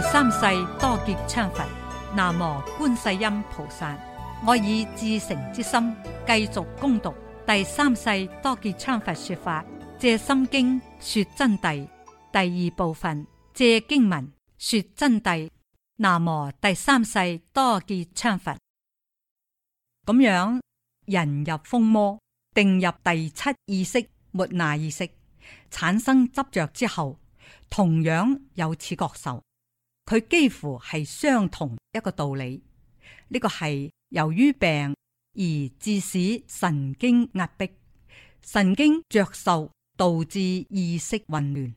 第三世多杰羌佛，南無觀世音菩薩。我以至誠之心繼續攻讀第三世多杰羌佛說法《藉心經》說真諦第二部分，《藉經文說真諦》。南無第三世多杰羌佛。咁樣人入風魔，定入第七意識、末那意識，產生執着之後，同樣有此覺受。佢幾乎係相同一個道理，呢個係由於病而致使神經壓迫、神經着受，導致意識混亂、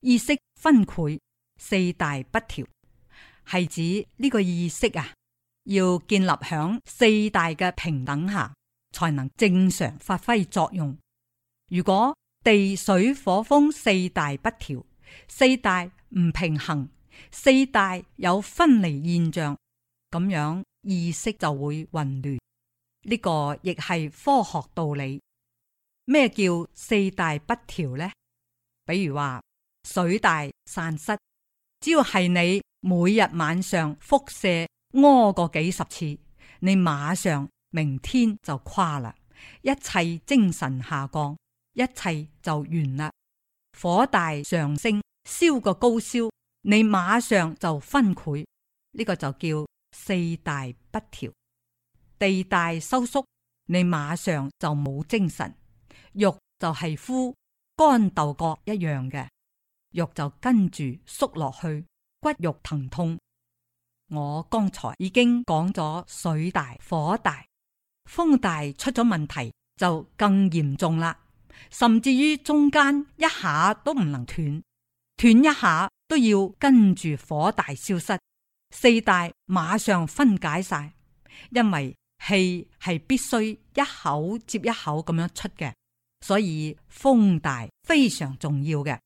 意識分潰、四大不調。係指呢個意識啊，要建立響四大嘅平等下，才能正常發揮作用。如果地水火風四大不調，四大唔平衡。四大有分離現象，咁樣意識就會混亂。呢、這個亦係科學道理。咩叫四大不調呢？比如話水大散失，只要係你每日晚上腹瀉屙過幾十次，你馬上明天就垮啦，一切精神下降，一切就完啦。火大上升，燒個高燒。你馬上就崩潰，呢個就叫四大不調，地大收縮，你馬上就冇精神。肉就係枯乾豆角一樣嘅肉就跟住縮落去，骨肉疼痛。我剛才已經講咗水大、火大、風大出咗問題就更嚴重啦，甚至於中間一下都唔能斷，斷一下。都要跟住火大消失，四大馬上分解晒，因為氣係必須一口接一口咁樣出嘅，所以風大非常重要嘅。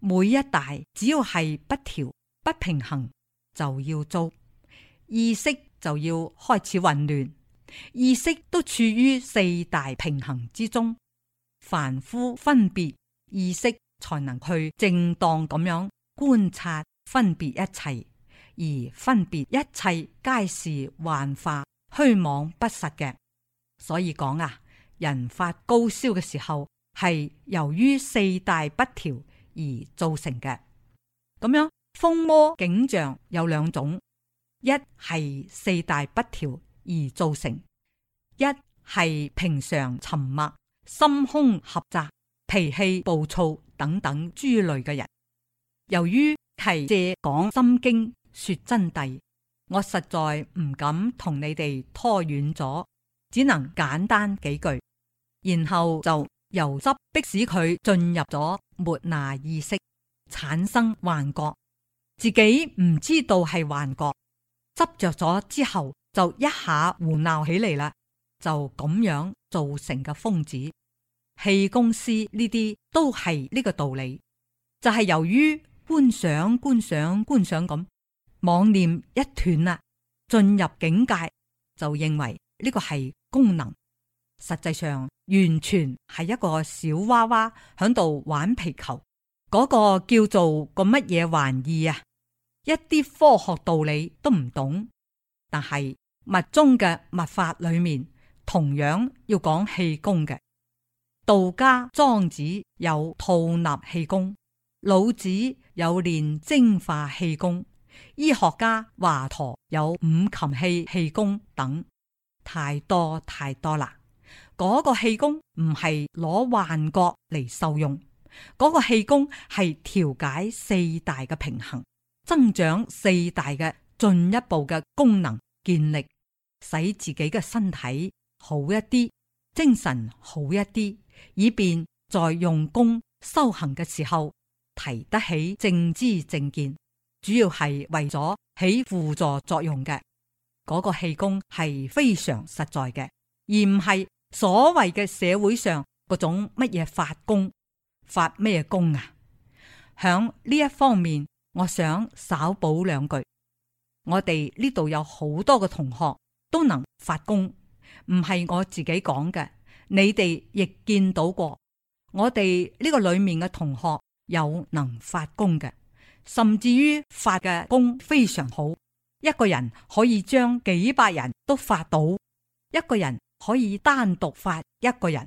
每一大只要係不調不平衡，就要糟，意識就要開始混亂。意識都處於四大平衡之中，凡夫分別意識才能去正當咁樣觀察分別一切，而分別一切皆是幻化、虛妄不實嘅。所以講啊，人發高燒嘅時候係由於四大不調而造成嘅。咁樣，瘋魔景象有兩種，一係四大不調而造成，一係平常沉默、心胸狹窄、脾氣暴躁等等諸類嘅人。由於係借講心經說真諦，我實在唔敢同你哋拖遠咗，只能簡單幾句，然後就由執迫使佢進入咗末那意識，產生幻覺，自己唔知道係幻覺，執着咗之後就一下胡鬧起嚟啦，就咁樣造成嘅瘋子、氣功師呢啲都係呢個道理，就係、是、由於。觀想，觀想，觀想，咁妄念一斷啦，進入境界就認為呢個係功能，實際上完全係一個小娃娃響度玩皮球，嗰、那個叫做個乜嘢玩意啊！一啲科學道理都唔懂，但係密宗嘅密法裏面同樣要講氣功嘅，道家莊子有吐納氣功。老子有練精化氣功，醫學家華佗有五禽戲氣功等，太多太多啦。嗰、那個氣功唔係攞幻覺嚟受用，嗰、那個氣功係調解四大嘅平衡，增長四大嘅進一步嘅功能，建立，使自己嘅身體好一啲，精神好一啲，以便在用功修行嘅時候。提得起正知正見，主要係為咗起輔助作用嘅。嗰、那個氣功係非常實在嘅，而唔係所謂嘅社會上嗰種乜嘢發功，發咩功啊？響呢一方面，我想稍補兩句。我哋呢度有好多個同學都能發功，唔係我自己講嘅，你哋亦見到過。我哋呢個裏面嘅同學。有能發功嘅，甚至於發嘅功非常好。一個人可以將幾百人都發到，一個人可以單獨發一個人，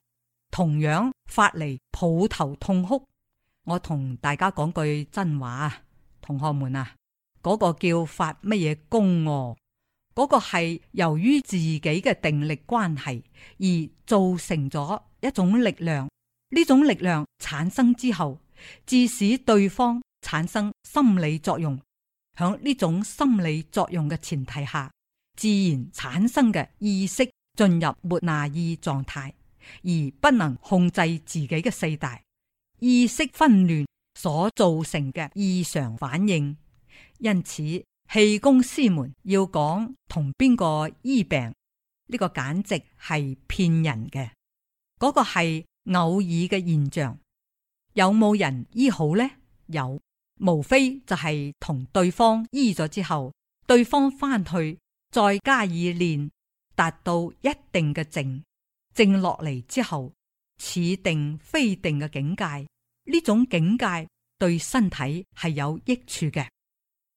同樣發嚟抱頭痛哭。我同大家講句真話，同學們啊，嗰個叫發乜嘢功哦？嗰個係由於自己嘅定力關係而造成咗一種力量。呢種力量產生之後。致使對方產生心理作用，喺呢種心理作用嘅前提下，自然產生嘅意識進入末那意狀態，而不能控制自己嘅四大意識紛亂所造成嘅異常反應。因此，氣功師們要講同邊個醫病呢個，簡直係騙人嘅，嗰個係偶爾嘅現象。有冇人醫好呢？有，無非就係同對方醫咗之後，對方翻去再加以練，達到一定嘅靜靜落嚟之後，似定非定嘅境界，呢種境界對身體係有益處嘅，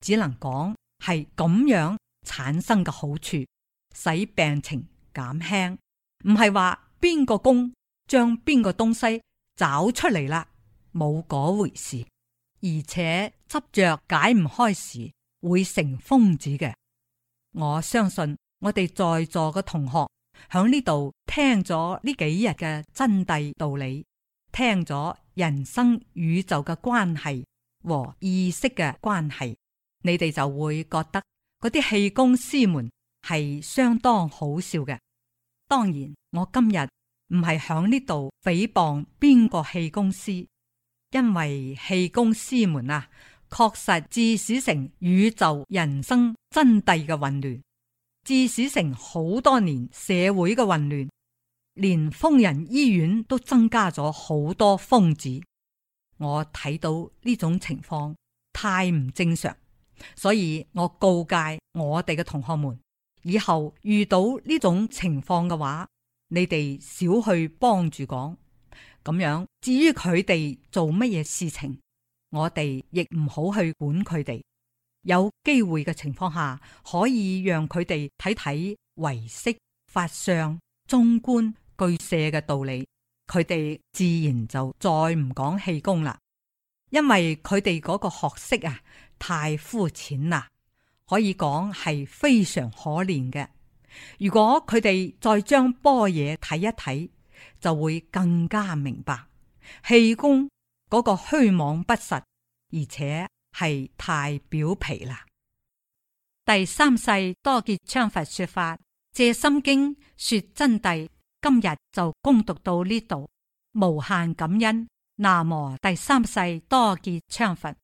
只能講係咁樣產生嘅好處，使病情減輕，唔係話邊個功將邊個東西找出嚟啦。冇嗰回事，而且執着解唔開時會成瘋子嘅。我相信我哋在座嘅同學響呢度聽咗呢幾日嘅真諦道理，聽咗人生宇宙嘅關係和意識嘅關係，你哋就會覺得嗰啲氣功師們係相當好笑嘅。當然，我今日唔係響呢度誹謗邊個氣功師。因為氣功師們啊，確實致使成宇宙人生真諦嘅混亂，致使成好多年社會嘅混亂，連瘋人醫院都增加咗好多瘋子。我睇到呢種情況太唔正常，所以我告誡我哋嘅同學們，以後遇到呢種情況嘅話，你哋少去幫住講。咁樣，至於佢哋做乜嘢事情，我哋亦唔好去管佢哋。有機會嘅情況下，可以讓佢哋睇睇唯識、法相、中觀、俱舍嘅道理，佢哋自然就再唔講氣功啦。因為佢哋嗰個學識啊，太膚淺啦，可以講係非常可憐嘅。如果佢哋再將般若睇一睇。就會更加明白氣功嗰、那個虛妄不實，而且係太表皮啦。第三世多杰羌佛說法《藉心經》說真諦，今日就恭讀到呢度，無限感恩。南無第三世多杰羌佛。